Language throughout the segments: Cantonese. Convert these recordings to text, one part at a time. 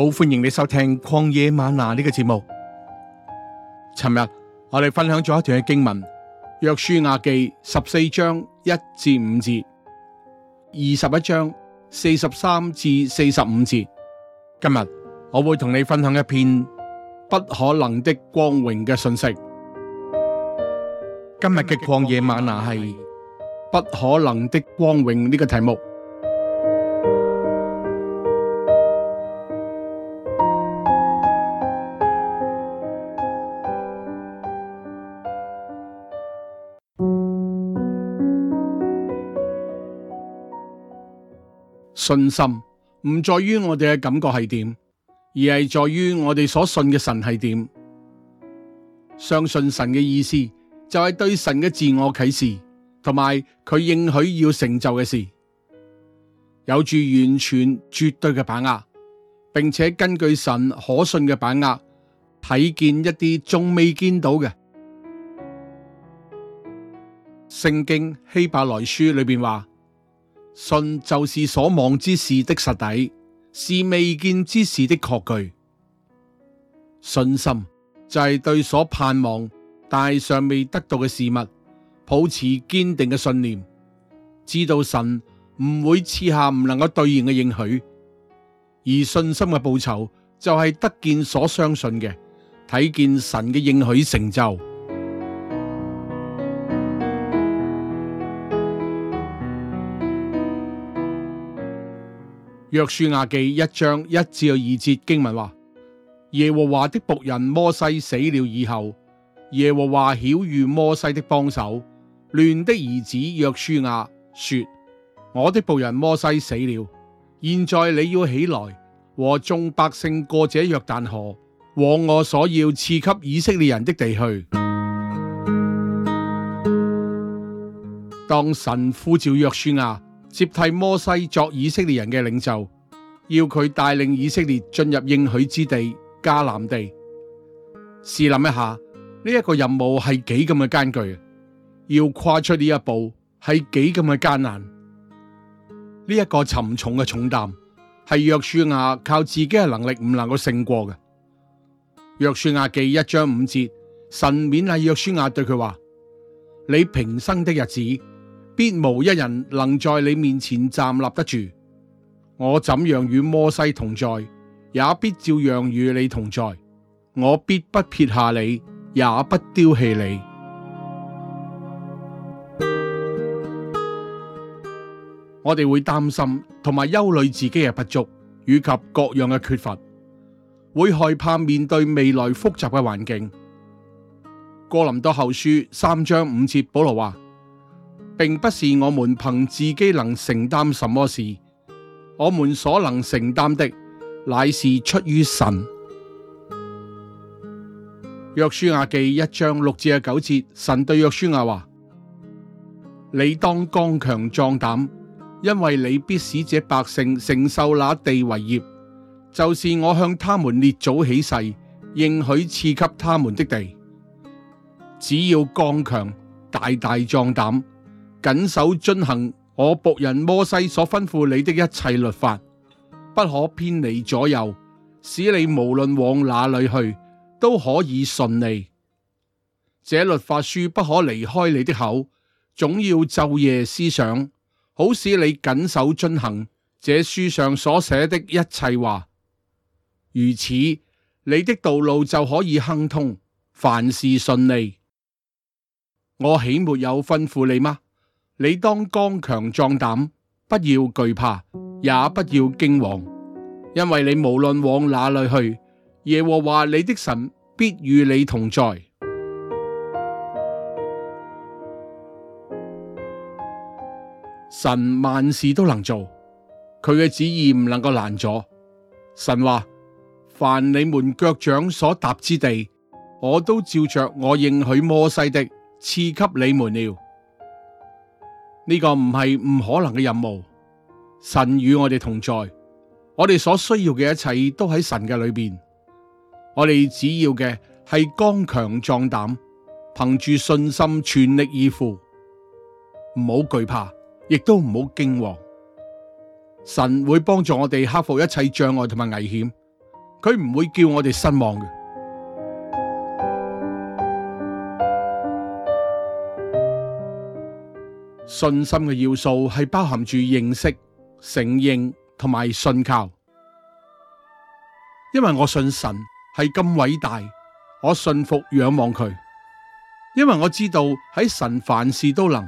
好，歡迎你收聽曠野嗎哪呢個節目。尋日我哋分享咗一段嘅經文，約書亞記十四章一至五節，二十一章四十三至四十五節。今日我會同你分享一篇不可能的光榮嘅信息今的。今日嘅曠野嗎哪係不可能的光榮呢個題目。信心唔在於我哋嘅感覺係點，而係在於我哋所信嘅神係點。相信神嘅意思就係對神嘅自我啟示，同埋佢應許要成就嘅事，有住完全絕對嘅把握，並且根據神可信嘅把握，睇見一啲仲未見到嘅。聖經希伯來書裏邊話。信就是所望之事的實底，是未見之事的確據。信心就係對所盼望但尚未得到嘅事物，抱持堅定嘅信念，知道神唔會賜下唔能夠兌現嘅應許。而信心嘅報酬就係得見所相信嘅，睇見神嘅應許成就。約書亞記一章一至二節經文話：耶和華的僕人摩西死了以後，耶和華曉諭摩西的幫手、亂的兒子約書亞說：我的僕人摩西死了，現在你要起來，和眾百姓過這約旦河，往我所要賜給以色列人的地去。當神呼召約書亞。接替摩西作以色列人嘅領袖，要佢帶領以色列進入應許之地迦南地。試諗一下，呢一個任務係幾咁嘅艱巨，要跨出呢一步係幾咁嘅艱難？呢一個沉重嘅重擔係約書亞靠自己嘅能力唔能夠勝過嘅。約書亞記一章五節，神勉勵約書亞對佢話：你平生的日子。必無一人能在你面前站立得住。我怎樣與摩西同在，也必照樣與你同在。我必不撇下你，也不丟棄你。 我哋會擔心同埋憂慮自己嘅不足，以及各樣嘅缺乏，會害怕面對未來複雜嘅環境。哥林多後書三章五節，保羅話，並不是我們憑自己能承擔什麼事，我們所能承擔的乃是出於神。約書亞記一章六至九節，神對約書亞話：你當剛強壯膽，因為你必使這百姓承受那地為業，就是我向他們列祖起誓，應許賜給他們的地。只要剛強，大大壯膽。謹守遵行我僕人摩西所吩咐你的一切律法，不可偏離左右，使你無論往哪裏去都可以順利。這律法書不可離開你的口，總要晝夜思想，好使你謹守遵行這書上所寫的一切話。如此，你的道路就可以亨通，凡事順利。我豈沒有吩咐你嗎？你當剛強壯膽，不要懼怕，也不要驚惶，因為你無論往哪裏去，耶和華你的神必與你同在。神萬事都能做，佢嘅旨意唔能夠攔阻。神話：凡你們腳掌所踏之地，我都照着我應許摩西的賜給你們了。呢個唔係唔可能嘅任務，神與我哋同在，我哋所需要嘅一切都喺神嘅裏邊，我哋只要嘅係剛強壯膽，憑住信心全力以赴，唔好懼怕，亦都唔好驚惶，神會幫助我哋克服一切障礙同埋危險，佢唔會叫我哋失望嘅。信心嘅要素係包含住認識、承認同埋信靠，因為我信神係咁偉大，我信服仰望佢，因為我知道喺神凡事都能，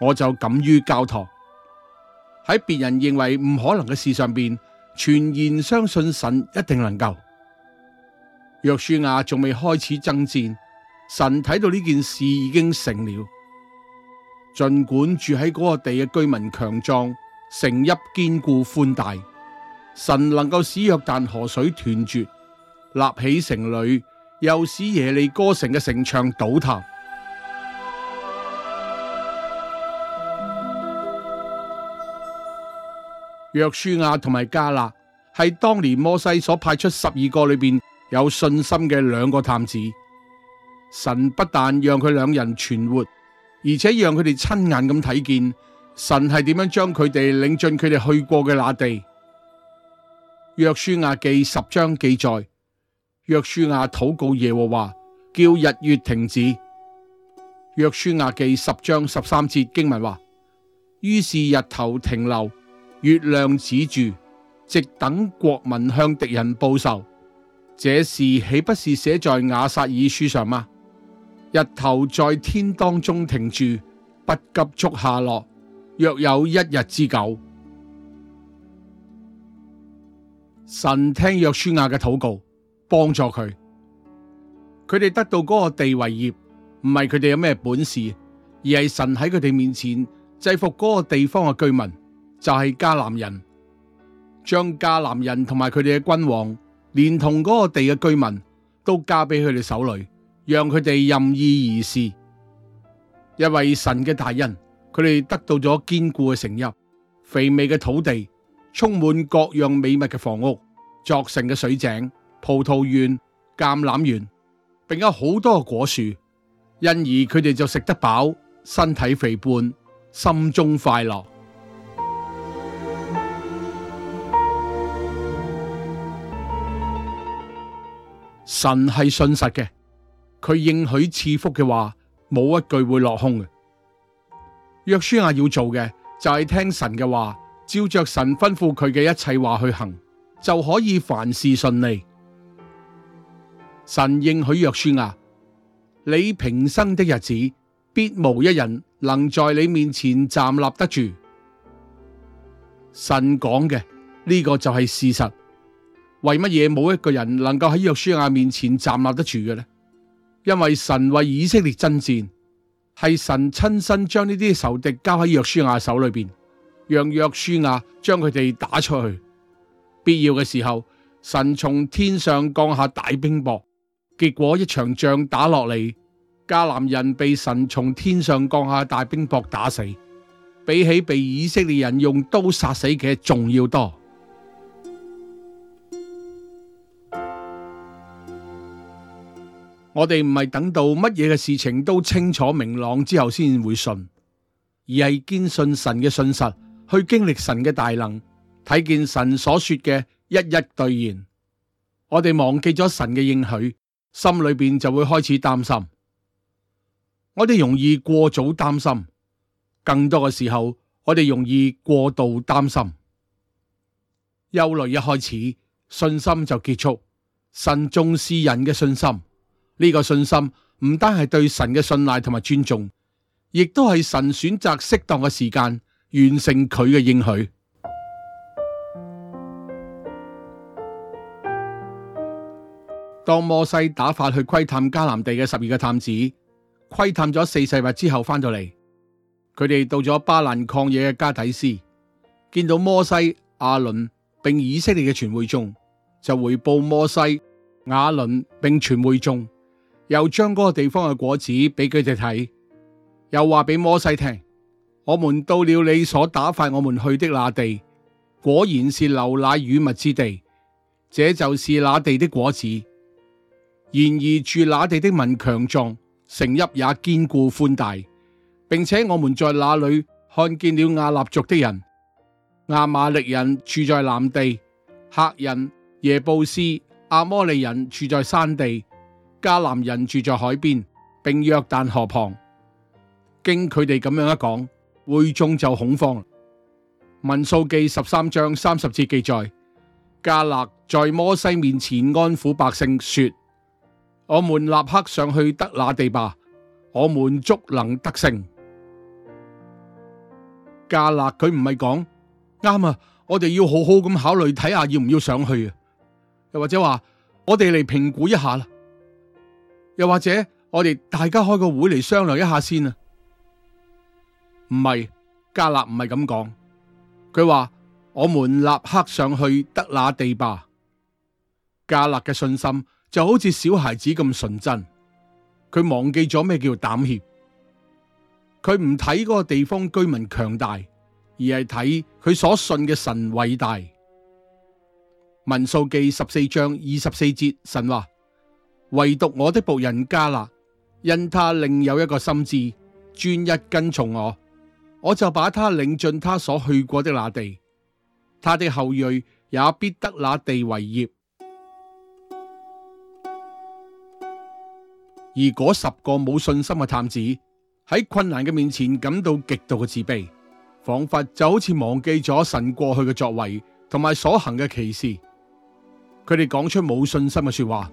我就敢於交託。喺別人認為唔可能嘅事上邊，全然相信神一定能夠。約書亞仲未開始爭戰，神睇到呢件事已經成了。盡管住喺嗰個地嘅居民強壯、城邑堅固、寬大，神能夠使約旦河水斷絕，立起城里，又使耶利哥城嘅城牆倒塌。約書亞同埋迦勒係當年摩西所派出十二個裏邊有信心嘅兩個探子，神不但讓佢兩人存活。而且讓佢哋親眼咁睇見神係點樣將佢哋領進佢哋去過嘅那地。約書亞記十章記載，約書亞禱告耶和華，叫日月停止。約書亞記十章十三節經文話：於是日頭停留，月亮止住，直等國民向敵人報仇。這事豈不是寫在亞薩爾書上嗎？日頭在天當中停住，不急速下落，約有一日之久。神聽約書亞嘅禱告，幫助佢。佢哋得到嗰個地為業，唔係佢哋有咩本事，而係神喺佢哋面前制服嗰個地方嘅居民，就係迦南人。將迦南人同埋佢哋嘅君王，連同嗰個地嘅居民，都交俾佢哋手裏。讓佢哋任意而事，因為神嘅大恩，佢哋得到咗堅固嘅城邑，肥美嘅土地，充滿各樣美物嘅房屋，作成嘅水井，葡萄園，橄欖園，並有好多果樹，因而佢哋就食得飽，身體肥胖，心中快樂。神係信實嘅。佢應許賜福嘅話，冇一句會落空嘅。約書亞要做嘅就係聽神嘅話，照着神吩咐佢嘅一切話去行，就可以凡事順利。神應許約書亞，你平生的日子必無一人能在你面前站立得住。神講嘅呢個就係事實。為乜嘢冇一個人能夠喺約書亞面前站立得住嘅呢？因為神為以色列爭戰，係神親身將呢啲仇敵交喺約書亞手裏，讓約書亞將佢哋打出去。必要嘅時候，神從天上降下大冰雹，結果一場仗打落嚟，迦南人被神從天上降下大冰雹打死，比起被以色列人用刀殺死嘅仲要多。我哋唔係等到乜嘢嘅事情都清楚明朗之後先會信，而係堅信神嘅信實，去經歷神嘅大能，睇見神所說嘅一一兌現。我哋忘記咗神嘅應許，心裏邊就會開始擔心。我哋容易過早擔心，更多嘅時候我哋容易過度擔心。憂慮一開始，信心就結束。神重視人嘅信心。呢個信心唔單係對神嘅信賴同埋尊重，亦都係神選擇適當嘅時間完成佢嘅應許。當摩西打發去窺探迦南地嘅十二個探子窺探咗四十日之後回來，翻到嚟，佢哋到咗巴蘭曠野嘅加底斯，見到摩西、亞倫並以色列嘅全會眾，就回報摩西、亞倫並全會眾。又將嗰個地方嘅果子俾佢哋睇，又話俾摩西聽：我們到了你所打發我們去的那地，果然是流奶與蜜之地，這就是那地的果子。然而住那地的民強壯，城邑也堅固寬大，並且我們在那裏看見了亞衲族的人，亞瑪力人住在南地，赫人耶布斯，亞摩利人住在山地。迦南人住在海邊，並約旦河旁。經佢哋咁樣一講，會眾就恐慌啦。民數記十三章三十節記載：迦勒在摩西面前安撫百姓，說：我們立刻上去得那地吧，我們足能得勝。迦勒佢唔係講啱啊，我哋要好好咁考慮，睇下要唔要上去啊？又或者話我哋嚟評估一下啦。又或者我哋大家開個會嚟商量一下先啊？唔係，迦勒唔係咁講，佢話我們立刻上去得那地吧。迦勒嘅信心就好似小孩子咁純真，佢忘記咗咩叫膽怯，佢唔睇嗰個地方居民強大，而係睇佢所信嘅神偉大。民數記十四章二十四節，神話。唯獨我的僕人迦勒，因他另有一個心志，專一跟從我，我就把他領進他所去過的那地，他的後裔也必得那地為業。而嗰十個冇信心嘅探子喺困難嘅面前感到極度嘅自卑，仿佛就好似忘記咗神過去嘅作為同埋所行嘅奇事，佢哋講出冇信心嘅說話。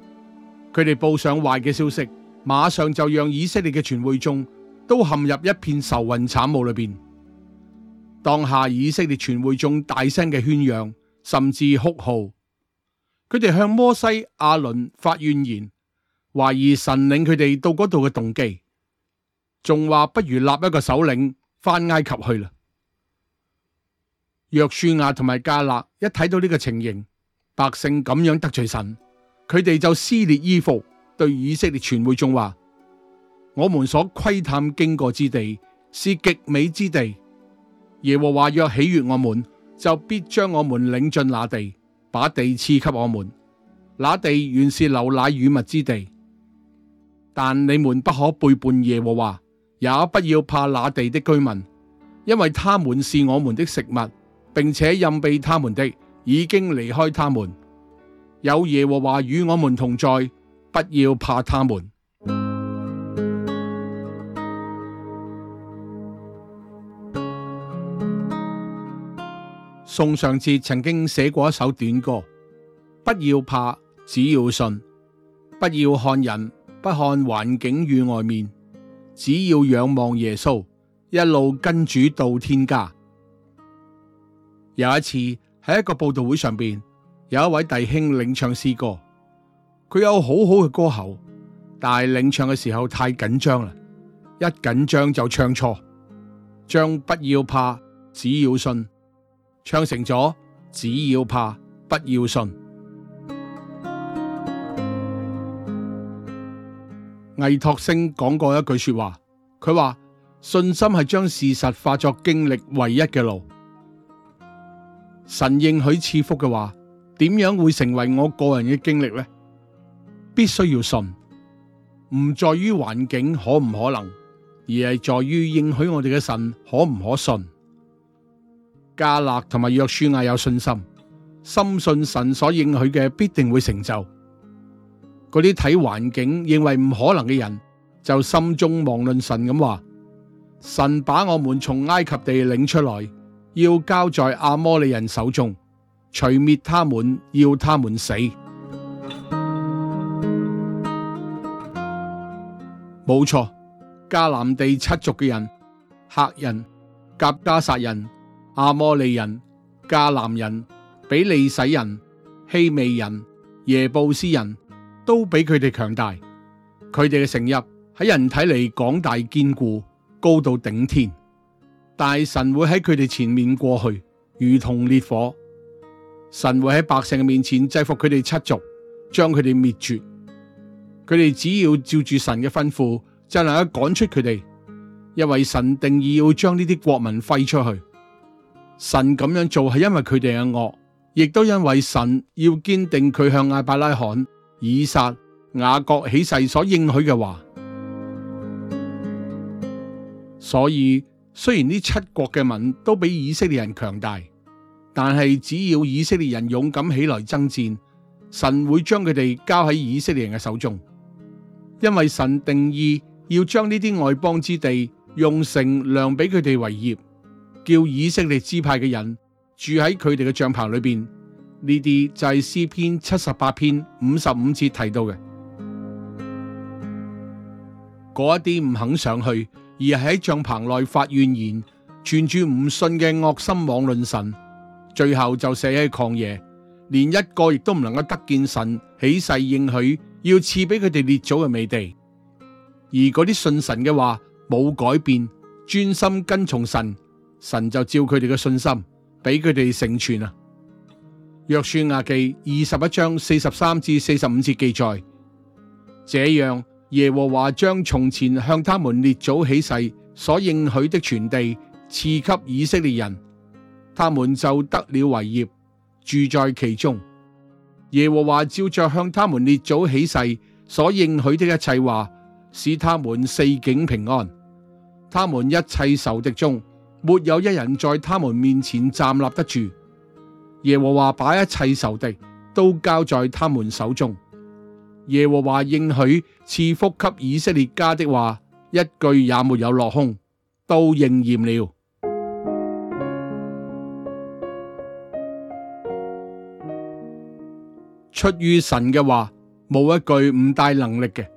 佢哋報上壞嘅消息，馬上就讓以色列嘅全會眾都陷入一片愁雲慘霧裏邊。當下以色列全會眾大聲嘅喧嚷，甚至哭號，佢哋向摩西、亞倫發怨言，懷疑神領佢哋到嗰度嘅動機，仲話不如立一個首領返埃及去啦。約書亞同埋迦勒一睇到呢個情形，百姓咁樣得罪神。佢哋就撕裂衣服，對以色列全會眾說：我們所窺探經過之地是極美之地，耶和華若喜悅我們，就必將我們領進那地，把地賜給我們。那地原是流奶與蜜之地，但你們不可背叛耶和華，也不要怕那地的居民，因為他們是我們的食物，並且蔭庇他們的已經離開他們。有耶和華與我們同在，不要怕他們。宋尚節曾經寫過一首短歌：不要怕，只要信；不要看人，不看環境與外面；只要仰望耶穌，一路跟主到天家。有一次喺一個報道會上邊。有一位弟兄領唱詩歌，佢有好好嘅歌喉，但係領唱嘅時候太緊張啦，一緊張就唱錯，將不要怕，只要信，唱成咗，只要怕，不要信。倪柝聲講過一句說話，佢話信心係將事實化作經歷唯一嘅路。神應許賜福嘅話。點樣會成為我個人嘅經歷呢？必須要信，唔在於環境可唔可能，而係在於應許我哋嘅神可唔可信。加勒同埋約書亞有信心，深信神所應許嘅必定會成就。嗰啲睇環境認為唔可能嘅人，就心中妄論神咁話：神把我們從埃及地領出來，要交在阿摩利人手中。除滅他們，要他們死，冇錯。迦南地七族嘅人：赫人、革迦撒人、阿摩利人、迦南人、比利洗人、希未人、耶布斯人都比佢哋強大。佢哋嘅成日喺人睇嚟廣大堅固，高到頂天。但神會喺佢哋前面過去，如同烈火。神會喺百姓嘅面前制服佢哋七族，將佢哋滅絕。佢哋只要照住神嘅吩咐，就能夠趕出佢哋。因為神定意要將呢啲國民揮出去。神咁樣做係因為佢哋嘅惡，亦都因為神要堅定佢向亞伯拉罕、以撒、雅各起誓所應許嘅話。所以雖然呢七國嘅民都比以色列人強大。但係，只要以色列人勇敢起來爭戰，神會將佢哋交喺以色列人嘅手中，因為神定意要將呢啲外邦之地用繩量俾佢哋為業，叫以色列支派嘅人住喺佢哋嘅帳篷裏邊。呢啲就係詩篇七十八篇五十五節提到嘅嗰一啲唔肯上去而係喺帳篷內發怨言、存住唔信嘅惡心妄論神。最後就死喺曠野，連一個亦都唔能夠得見神起誓應許要賜俾佢哋列祖嘅美地。而嗰啲信神嘅話冇改變，專心跟從神，神就照佢哋嘅信心俾佢哋成全啊。約書亞記二十一章四十三至四十五節記載：這樣耶和華將從前向他們列祖起誓所應許的全地賜給以色列人。他們就得了為業，住在其中。耶和華照着向他們列祖起誓所應許的一切話，使他們四境平安。他們一切仇敵中，沒有一人在他們面前站立得住。耶和華把一切仇敵都交在他們手中。耶和華應許賜福給以色列家的話，一句也沒有落空，都應驗了。出於神嘅話，冇一句唔帶能力嘅。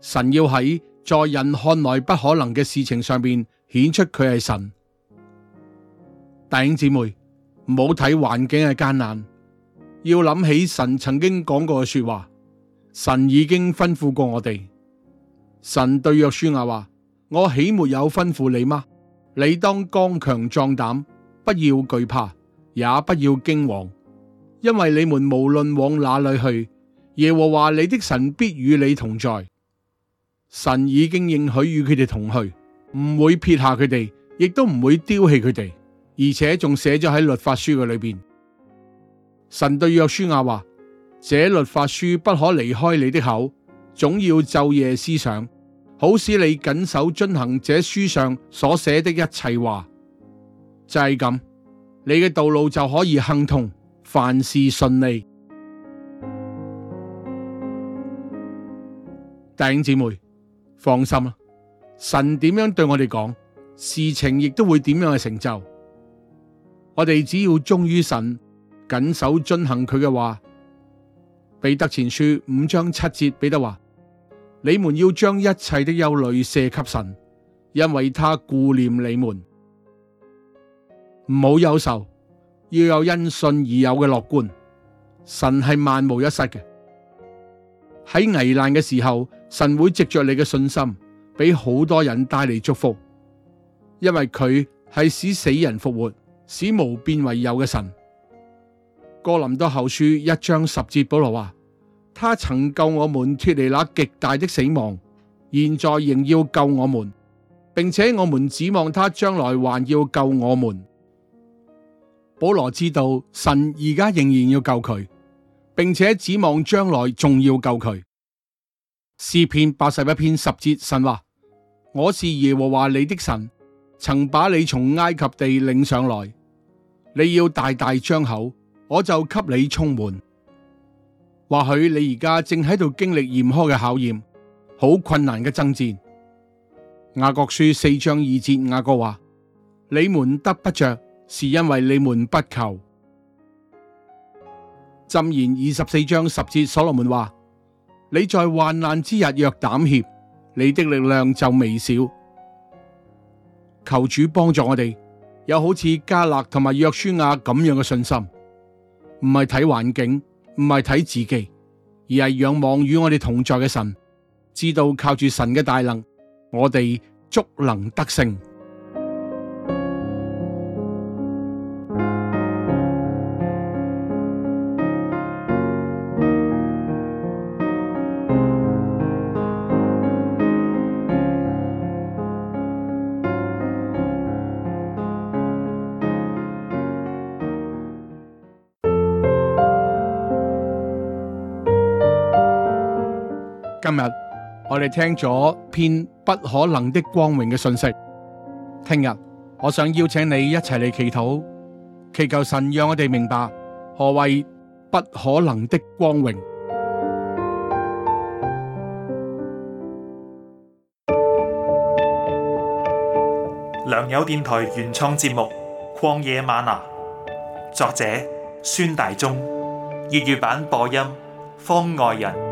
神要喺在在人看來不可能嘅事情上面顯出佢係神。弟兄姊妹，唔好睇環境係艱難，要諗起神曾經講過嘅說話。神已經吩咐過我哋，神對約書亞話：我豈沒有吩咐你嗎？你當剛強壯膽，不要懼怕，也不要驚惶。因為你們無論往哪裏去，耶和華你的神必與你同在。神已經應許與佢哋同去，唔會撇下佢哋，亦都唔會丟棄佢哋。而且仲寫咗喺律法書嘅裏邊。神對約書亞話：這律法書不可離開你的口，總要晝夜思想，好使你謹守遵行這書上所寫的一切話。就係咁，你嘅道路就可以亨通。凡事順利，弟兄姊妹放心啦。神點樣對我哋講，事情亦都會點樣去成就。我哋只要忠於神，緊守遵行佢嘅話。彼得前書五章七節，彼得話：你們要將一切的憂慮卸給神，因為他顧念你們。唔好憂愁。要有因信而有嘅樂觀，神係萬無一失嘅。喺危難嘅時候，神會藉着你嘅信心，俾好多人帶嚟祝福，因為佢係使死人復活、使無變為有嘅神。哥林多後書一章十節，保羅話：他曾救我們脫離那極大的死亡，現在仍要救我們，並且我們指望他將來還要救我們。保羅知道神而家仍然要救佢，並且指望將來仲要救佢。詩篇八十一篇十節，神話：我是耶和華你的神，曾把你從埃及地領上來。你要大大張口，我就給你充滿。或許你而家正喺度經歷嚴苛嘅考驗，好困難嘅爭戰。雅各書四章二節，雅各話：你們得不着。是因為你們不求。箴言二十四章十節，所羅門話：你在患難之日若膽怯，你的力量就微小。求主幫助我哋，有好似迦勒同埋約書亞咁樣嘅信心，唔係睇環境，唔係睇自己，而係仰望與我哋同在嘅神，知道靠住神嘅大能，我哋足能得勝。我哋聽咗篇不可能的光榮嘅信息，聽日我想邀請你一齊嚟祈禱，祈求神讓我哋明白何謂不可能的光榮。良友電台原創節目《曠野嗎哪》，作者孫大中，粵語版播音方外人。